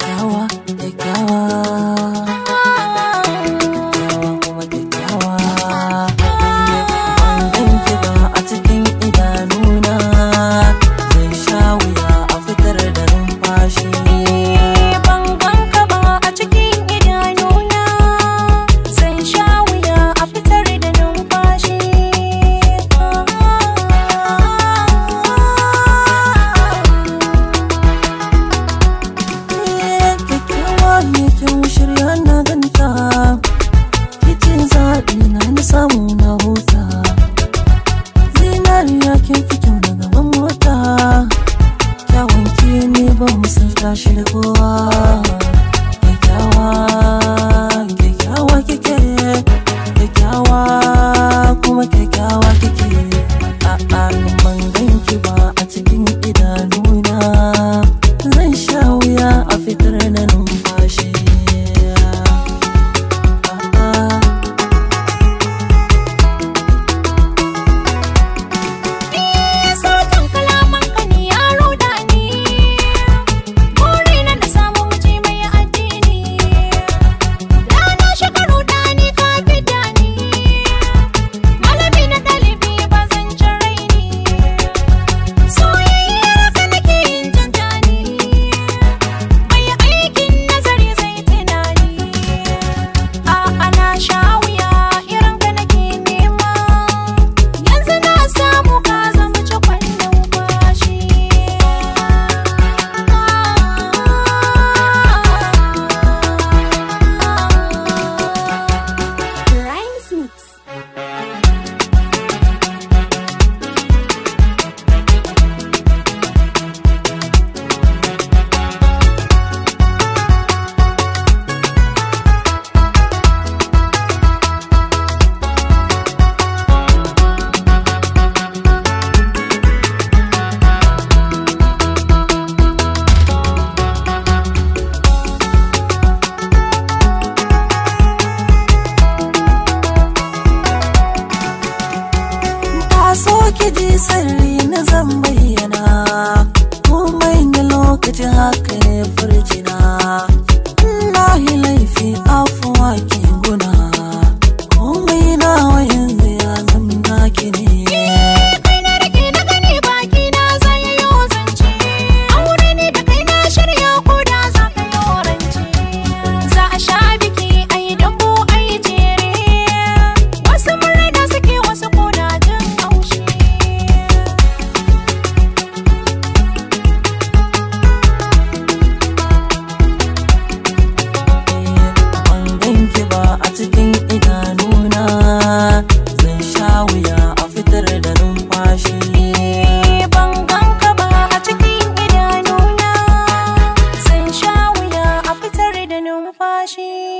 Kawa, te kawa. shi kowa kyakkyawa kyakkyawa kike kyakkyawa kuma kyakkyawa kike a'a ban ganki ba a cikin idanuna zan sha wuya a fitar na numfashi ki ji sarri na zan bayyana komai ne lokacin haka numfashi